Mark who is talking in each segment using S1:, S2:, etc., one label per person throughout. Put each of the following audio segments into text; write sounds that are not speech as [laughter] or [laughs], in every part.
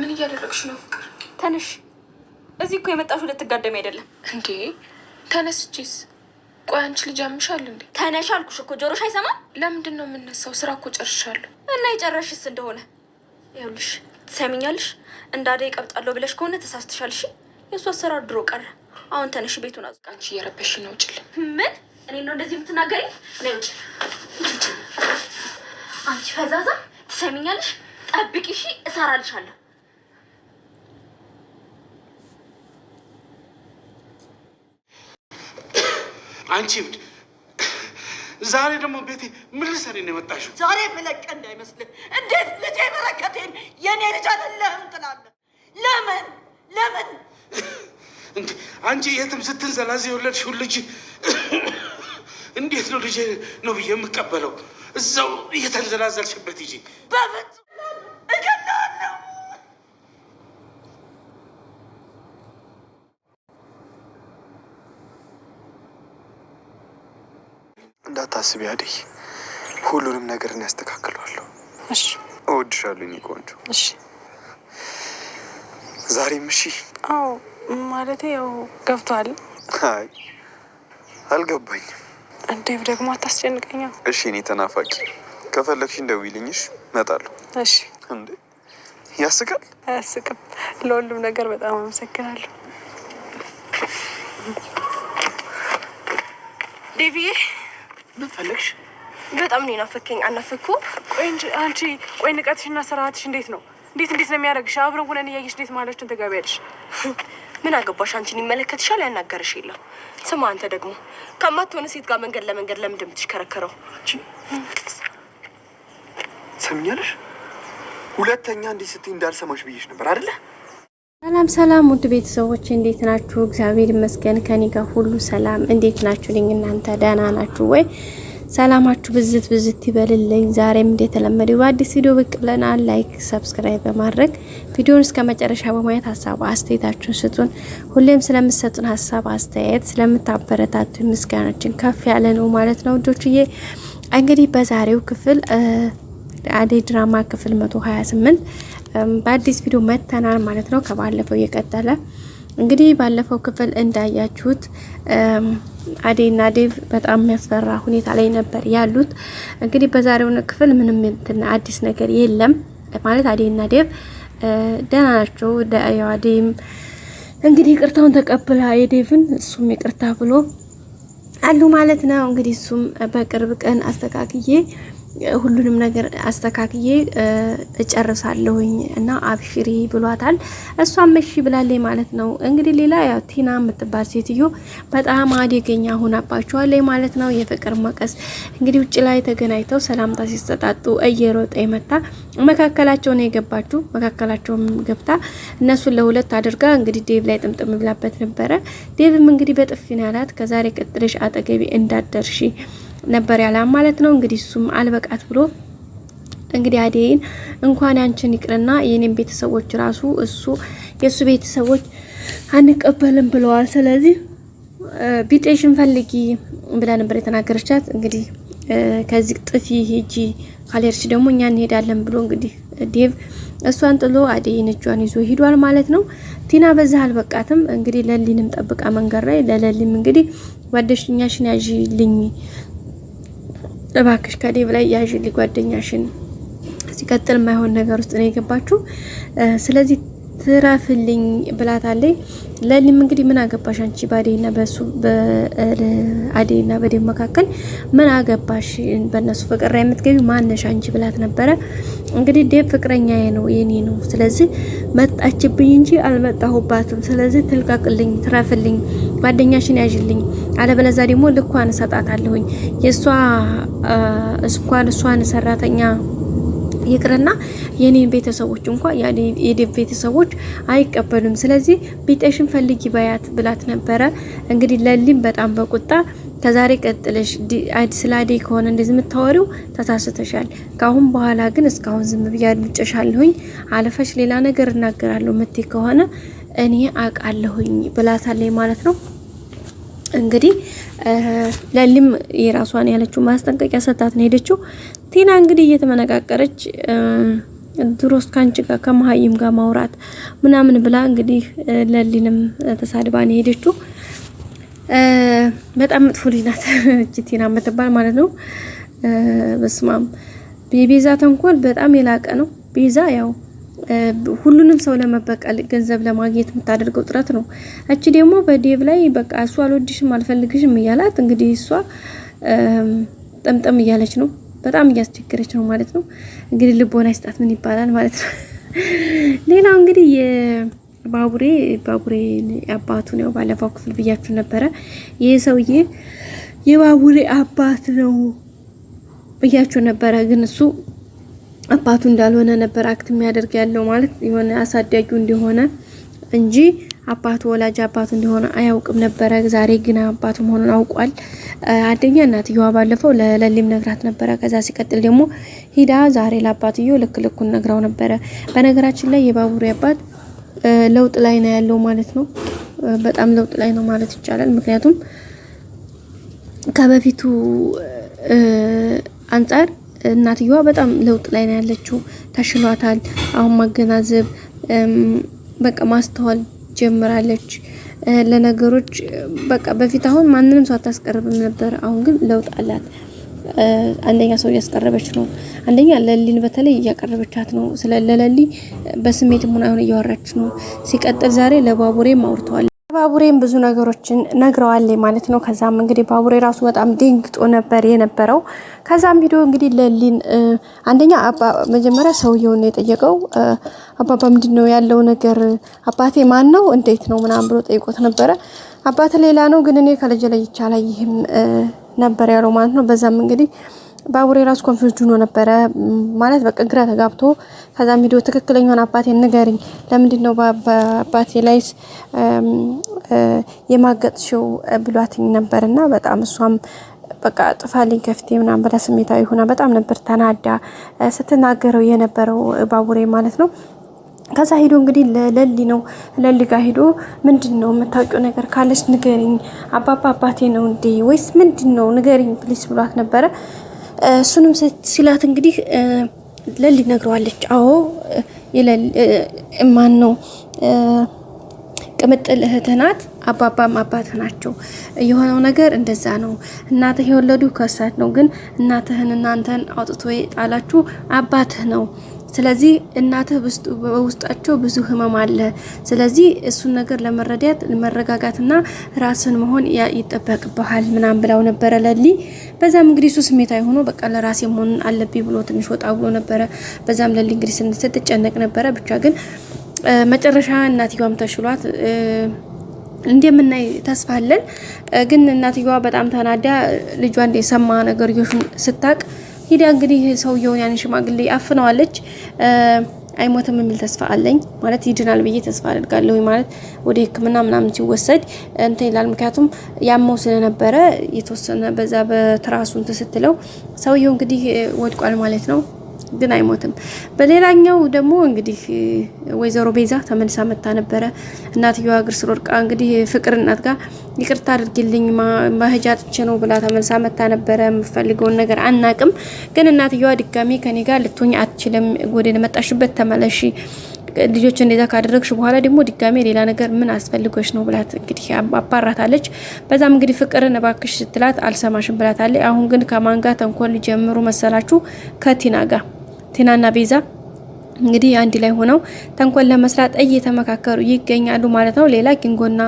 S1: ምን እያደረግሽ ነው ፍቅር?
S2: ተነሽ። እዚህ እኮ የመጣሽው ልትጋደሚ አይደለም
S1: እንዴ? ተነስቼስ? ቆይ አንቺ ልጅ አምሻል እንዴ?
S2: ተነሽ አልኩሽ እኮ ጆሮሽ አይሰማም።
S1: ለምንድን ነው የምነሳው? ስራ እኮ ጨርሻለሁ።
S2: እና የጨረሽስ እንደሆነ ይኸውልሽ፣ ትሰሚኛለሽ? እንደ አደይ ቀብጣለሁ ብለሽ ከሆነ ተሳስተሻልሽ። የእሱ አሰራር ድሮ ቀረ። አሁን ተነሽ፣ ቤቱን
S1: አዝጋ። አንቺ እየረበሽ ነው። ውጭልኝ።
S2: ምን እኔ ነው እንደዚህ የምትናገሪ? እኔ ውጭ። አንቺ ፈዛዛ፣ ትሰሚኛለሽ? ጠብቂ እሺ፣ እሰራልሻለሁ
S3: አንቺ እብድ ዛሬ ደግሞ ቤቴ ምን ልትሰሪ ነው የመጣሽው?
S4: ዛሬ የምለቀ እንዳይመስልህ። እንዴት ልጄ በረከቴን የእኔ ልጅ አይደለህም ትላለህ? ለምን ለምን?
S3: አንቺ የትም ስትንዘላዝ የወለድሽውን ልጅ እንዴት ነው ልጄ ነው ብዬ የምቀበለው? እዛው እየተንዘላዘልሽበት ሂጂ
S4: በፍጹም
S5: አታስቢ አደይ፣ ሁሉንም ነገር ያስተካክለዋለሁ። እወድሻለሁ የኔ ቆንጆ። እሺ፣ ዛሬም እሺ?
S1: አዎ፣ ማለቴ ያው ገብቷል።
S5: አይ አልገባኝም።
S1: እንዴም ደግሞ አታስጨንቀኛ።
S5: እሺ፣ እኔ ተናፋቂ ከፈለግሽ እንደውይልኝሽ እመጣለሁ። እሺ። እንዴ ያስቃል?
S1: አያስቅም? ለሁሉም ነገር በጣም አመሰግናለሁ
S2: ዴቪዬ። ምን ፈለግሽ? በጣም ነው የናፈከኝ። አናፈኩ?
S6: ቆይ እንጂ አንቺ ቆይ፣ ንቀትሽና ስርዓትሽ እንዴት ነው? እንዴት እንዴት ነው የሚያደርግሽ? አብረን ሆነን እያየሽ እንዴት ማለችን ትገቢያለሽ?
S2: ምን አገባሽ? አንቺን ይመለከትሻል፣ ያናገርሽ የለም። ስማ፣ አንተ ደግሞ ከማትሆነ ሴት ጋር መንገድ ለመንገድ ለምን የምትሽከረከረው
S5: ሰምኛለሽ። ሁለተኛ እንዲህ ስትይ እንዳልሰማሽ ብዬሽ ነበር አይደለ?
S7: ሰላም ሰላም ውድ ቤተሰቦች እንዴት ናችሁ? እግዚአብሔር ይመስገን ከኔ ጋር ሁሉ ሰላም። እንዴት ናችሁ ልኝ እናንተ ደህና ናችሁ ወይ? ሰላማችሁ ብዝት ብዝት ይበልልኝ። ዛሬም እንደተለመደው በአዲስ ቪዲዮ ብቅ ብለናል። ላይክ፣ ሰብስክራይብ በማድረግ ቪዲዮን እስከ መጨረሻ በማየት ሀሳብ አስተያየታችሁን ስጡን። ሁሌም ስለምሰጡን ሀሳብ አስተያየት፣ ስለምታበረታቱ ምስጋናችን ከፍ ያለ ነው ማለት ነው ውዶችዬ። እንግዲህ በዛሬው ክፍል አደይ ድራማ ክፍል 128 በአዲስ ቪዲዮ መተናል ማለት ነው። ከባለፈው የቀጠለ እንግዲህ ባለፈው ክፍል እንዳያችሁት አዴና ዴቭ በጣም የሚያስፈራ ሁኔታ ላይ ነበር ያሉት። እንግዲህ በዛሬው ክፍል ምንም እንትን አዲስ ነገር የለም ማለት አዴና ዴቭ ደህና ናቸው። አዴም እንግዲህ ይቅርታውን ተቀብላ የዴቭን እሱም ይቅርታ ብሎ አሉ ማለት ነው። እንግዲህ እሱም በቅርብ ቀን አስተካክዬ ሁሉንም ነገር አስተካክዬ እጨርሳለሁኝ እና አብሽሪ ብሏታል። እሷም እሺ ብላለች ማለት ነው። እንግዲህ ሌላ ያው ቲና የምትባል ሴትዮ በጣም አደገኛ ሆናባቸዋለች ማለት ነው። የፍቅር መቀስ እንግዲህ ውጭ ላይ ተገናኝተው ሰላምታ ሲሰጣጡ እየሮጠ የመታ መካከላቸው ነው የገባችው። መካከላቸውም ገብታ እነሱን ለሁለት አድርጋ እንግዲህ ዴቭ ላይ ጥምጥም ብላበት ነበረ። ዴቭም እንግዲህ በጥፊ ያላት። ከዛሬ ቀጥለሽ አጠገቢ እንዳደርሺ ነበር ያለ ማለት ነው። እንግዲህ እሱም አልበቃት ብሎ እንግዲህ አደይን እንኳን ያንችን ይቅርና የኔን ቤተሰቦች ራሱ እሱ የእሱ ቤተሰቦች አንቀበልም ብለዋል። ስለዚህ ቢጤሽን ፈልጊ ብላ ነበር የተናገረቻት። እንግዲህ ከዚህ ጥፊ ሂጂ ካልሄድሽ ደግሞ እኛ እንሄዳለን ብሎ እንግዲህ ዴቭ እሷን ጥሎ አደይን እጇን ይዞ ሂዷል ማለት ነው። ቲና በዛ አልበቃትም እንግዲህ ለሊንም ጠብቃ መንገድ ላይ ለለሊም እንግዲህ ጓደሽኛሽን ያዥልኝ እባክሽ ከዴ በላይ ያዥሊ ጓደኛሽን ሲቀጥል የማይሆን ነገር ውስጥ ነው የገባችሁ። ስለዚህ ትራፍልኝ ብላታለች። ለሊም እንግዲህ ምን አገባሽ አንቺ ባዴና በሱ በአዴና በዴ መካከል ምን አገባሽ? በእነሱ ፍቅር ላይ የምትገቢ ማነሽ አንቺ ብላት ነበረ። እንግዲህ ዴብ ፍቅረኛዬ ነው የኔ ነው፣ ስለዚህ መጣችብኝ እንጂ አልመጣሁባትም። ስለዚህ ትልቀቅልኝ፣ ትረፍልኝ፣ ጓደኛሽን ያዥልኝ፣ አለበለዛ ደግሞ ልኳን እሰጣታለሁኝ የእሷ እስኳን እሷን ሰራተኛ ይቅርና የኔን ቤተሰቦች እንኳ የዴቭ ቤተሰቦች አይቀበሉም። ስለዚህ ቢጤሽን ፈልጊ በያት ብላት ነበረ። እንግዲህ ለሊም በጣም በቁጣ ከዛሬ ቀጥለሽ ስለ አደይ ከሆነ እንደዚህ የምታወሪው ተሳስተሻል። ከአሁን በኋላ ግን እስካሁን ዝም ብያ አድምጬሻለሁኝ። አለፈሽ ሌላ ነገር እናገራለሁ ምትይ ከሆነ እኔ አውቃለሁኝ ብላታለኝ ማለት ነው። እንግዲህ ለሊም የራሷን ያለችው ማስጠንቀቂያ ሰጣት ነው ሄደችው። ቲና እንግዲህ እየተመነቃቀረች ድሮስ ካንቺ ጋር ከመሀይም ጋር ማውራት ምናምን ብላ እንግዲህ ለሊንም ተሳድባ ነው ሄደችው። በጣም መጥፎ ልጅ ናት እቺ ቲና የምትባል ማለት ነው። በስማም የቤዛ ተንኮል በጣም የላቀ ነው ቤዛ ያው ሁሉንም ሰው ለመበቀል ገንዘብ ለማግኘት የምታደርገው ጥረት ነው። እቺ ደግሞ በዴቭ ላይ በቃ እሱ አልወድሽም አልፈልግሽም እያላት እንግዲህ እሷ ጠምጠም እያለች ነው። በጣም እያስቸገረች ነው ማለት ነው። እንግዲህ ልቦና ይስጣት ምን ይባላል ማለት ነው። [laughs] ሌላው እንግዲህ የባቡሬ ባቡሬ አባቱን ያው ባለፈው ክፍል ብያችሁ ነበረ። ይህ ሰውዬ የባቡሬ አባት ነው ብያችሁ ነበረ ግን እሱ አባቱ እንዳልሆነ ነበር አክት የሚያደርግ ያለው ማለት የሆነ አሳዳጊው እንደሆነ እንጂ አባቱ ወላጅ አባቱ እንደሆነ አያውቅም ነበረ። ዛሬ ግን አባቱ መሆኑን አውቋል። አንደኛ እናትየዋ ባለፈው ለሌሊም ነግራት ነበረ። ከዛ ሲቀጥል ደግሞ ሂዳ ዛሬ ለአባትየው ልክ ልኩን ነግራው ነበረ። በነገራችን ላይ የባቡሬ አባት ለውጥ ላይ ነው ያለው ማለት ነው። በጣም ለውጥ ላይ ነው ማለት ይቻላል። ምክንያቱም ከበፊቱ አንጻር እናትየዋ በጣም ለውጥ ላይ ነው ያለችው። ተሽሏታል። አሁን ማገናዘብ በቃ ማስተዋል ጀምራለች ለነገሮች በቃ በፊት አሁን ማንንም ሰው አታስቀርብም ነበር። አሁን ግን ለውጥ አላት። አንደኛ ሰው እያስቀረበች ነው። አንደኛ ለሊን በተለይ እያቀረበቻት ነው። ስለ ለሊ በስሜት ምን አሁን እያወራች ነው። ሲቀጥል ዛሬ ለባቡሬም አውርተዋል። ባቡሬም ብዙ ነገሮችን ነግረዋል ማለት ነው። ከዛም እንግዲህ ባቡሬ ራሱ በጣም ደንግጦ ነበር የነበረው። ከዛም ቪዲዮ እንግዲህ ለሊን አንደኛ መጀመሪያ ሰውየውን ነው የጠየቀው። አባባ ምንድን ነው ያለው ነገር? አባቴ ማን ነው? እንዴት ነው ምናምን ብሎ ጠይቆት ነበረ። አባት ሌላ ነው ግን እኔ ከልጅ ላይ ይህም ነበር ያለው ማለት ነው። በዛም እንግዲህ ባቡሬ ራሱ ኮንፊውዝ ሆኖ ነበረ ማለት በቃ ግራ ተጋብቶ፣ ከዛም ሂዶ ትክክለኛውን አባቴ ንገርኝ፣ ለምንድን ነው በአባቴ ላይስ የማገጥሽው ብሏትኝ ነበር እና በጣም እሷም በቃ ጥፋልኝ ከፍቴ ምናምን ብላ ስሜታዊ ሆና በጣም ነበር ተናዳ ስትናገረው የነበረው ባቡሬ ማለት ነው። ከዛ ሄዶ እንግዲህ ለሊ ነው ለሊ ጋር ሄዶ ምንድን ነው የምታውቂው ነገር ካለች ንገሪኝ፣ አባባ አባቴ ነው እንዴ ወይስ ምንድን ነው ንገሪኝ ፕሊስ ብሏት ነበረ። እሱንም ሲላት እንግዲህ ለሊ ነግረዋለች። አዎ ማን ነው ቅምጥል እህት ናት። አባባም አባት ናቸው። የሆነው ነገር እንደዛ ነው። እናትህ የወለዱ ከሳት ነው፣ ግን እናትህን እናንተን አውጥቶ የጣላችሁ አባትህ ነው። ስለዚህ እናትህ በውስጣቸው ብዙ ህመም አለ። ስለዚህ እሱን ነገር ለመረዳት መረጋጋትና ራስን መሆን ይጠበቅብሃል ምናም ብለው ነበረ ለሊ። በዛም እንግዲህ እሱ ስሜታዊ ሆኖ በቃ ለራሴ መሆን አለብኝ ብሎ ትንሽ ወጣ ብሎ ነበረ። በዛም ለሊ እንግዲህ ስትጨነቅ ነበረ። ብቻ ግን መጨረሻ እናትየዋም ተሽሏት እንደምናይ ተስፋ አለን። ግን እናትየዋ በጣም ተናዳ ልጇ የሰማ ነገርዮሹን ስታቅ ሂዳ እንግዲህ ሰውየውን ያን ሽማግሌ አፍነዋለች። አይሞትም የሚል ተስፋ አለኝ ማለት ይድናል ብዬ ተስፋ አድርጋለሁ። ማለት ወደ ሕክምና ምናምን ሲወሰድ እንትን ይላል። ምክንያቱም ያመው ስለነበረ የተወሰነ በዛ በትራሱ እንትን ስትለው ሰውየው እንግዲህ ወድቋል ማለት ነው። ግን አይሞትም። በሌላኛው ደግሞ እንግዲህ ወይዘሮ ቤዛ ተመልሳ መታ ነበረ። እናትየዋ እግር ስር ወድቃ እንግዲህ ፍቅር እናት ጋር ይቅርታ አድርጊልኝ መሄጃ ነው ብላ ተመልሳ መታ ነበረ። የምፈልገውን ነገር አናቅም፣ ግን እናትየዋ ድጋሚ ከኔ ጋር ልትሆኝ አትችልም፣ ወደ ለመጣሽበት ተመለሺ ልጆች እንደዛ ካደረግሽ በኋላ ደግሞ ድጋሜ ሌላ ነገር ምን አስፈልጎች ነው ብላት እንግዲህ አባራታለች። በዛም እንግዲህ ፍቅርን እባክሽ ስትላት አልሰማሽም ብላታለች። አሁን ግን ከማንጋ ተንኮል ጀምሩ መሰላችሁ? ከቲና ጋር ቴናና ቤዛ እንግዲህ አንድ ላይ ሆነው ተንኮል ለመስራት እየተመካከሩ ይገኛሉ ማለት ነው። ሌላ ኪንጎና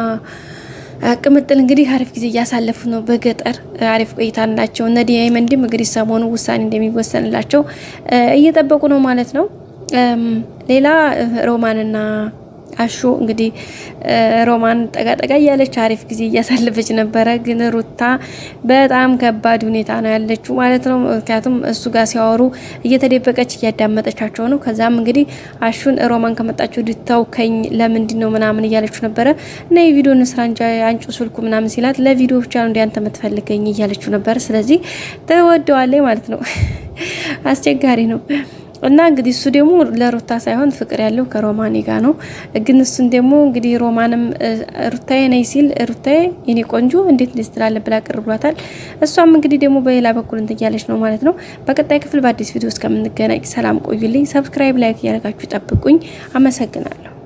S7: ቅምጥል እንግዲህ አሪፍ ጊዜ እያሳለፉ ነው። በገጠር አሪፍ ቆይታ አላቸው። እነ ዳይመንድም እንግዲህ ሰሞኑ ውሳኔ እንደሚወሰንላቸው እየጠበቁ ነው ማለት ነው። ሌላ ሮማንና አሹ እንግዲህ ሮማን ጠጋጠጋ እያለች አሪፍ ጊዜ እያሳለፈች ነበረ። ግን ሩታ በጣም ከባድ ሁኔታ ነው ያለችው ማለት ነው። ምክንያቱም እሱ ጋር ሲያወሩ እየተደበቀች እያዳመጠቻቸው ነው። ከዛም እንግዲህ አሹን ሮማን ከመጣችሁ ድታውከኝ ለምንድን ነው ምናምን እያለችው ነበረ እና የቪዲዮ ንስራ አንጩ ስልኩ ምናምን ሲላት ለቪዲዮ ብቻ ነው እንዲያንተ የምትፈልገኝ እያለችው ነበረ። ስለዚህ ተወደዋለች ማለት ነው። [laughs] አስቸጋሪ ነው። እና እንግዲህ እሱ ደግሞ ለሩታ ሳይሆን ፍቅር ያለው ከሮማኔ ጋር ነው። ግን እሱን ደግሞ እንግዲህ ሮማንም ሩታዬ ነይ ሲል ሩታዬ የኔ ቆንጆ እንዴት እንደዚህ ብላ ቅርብሏታል። እሷም እንግዲህ ደግሞ በሌላ በኩል እንትን እያለች ነው ማለት ነው። በቀጣይ ክፍል በአዲስ ቪዲዮ እስከምንገናኝ ሰላም ቆዩልኝ። ሰብስክራይብ፣ ላይክ እያደረጋችሁ ጠብቁኝ። አመሰግናለሁ።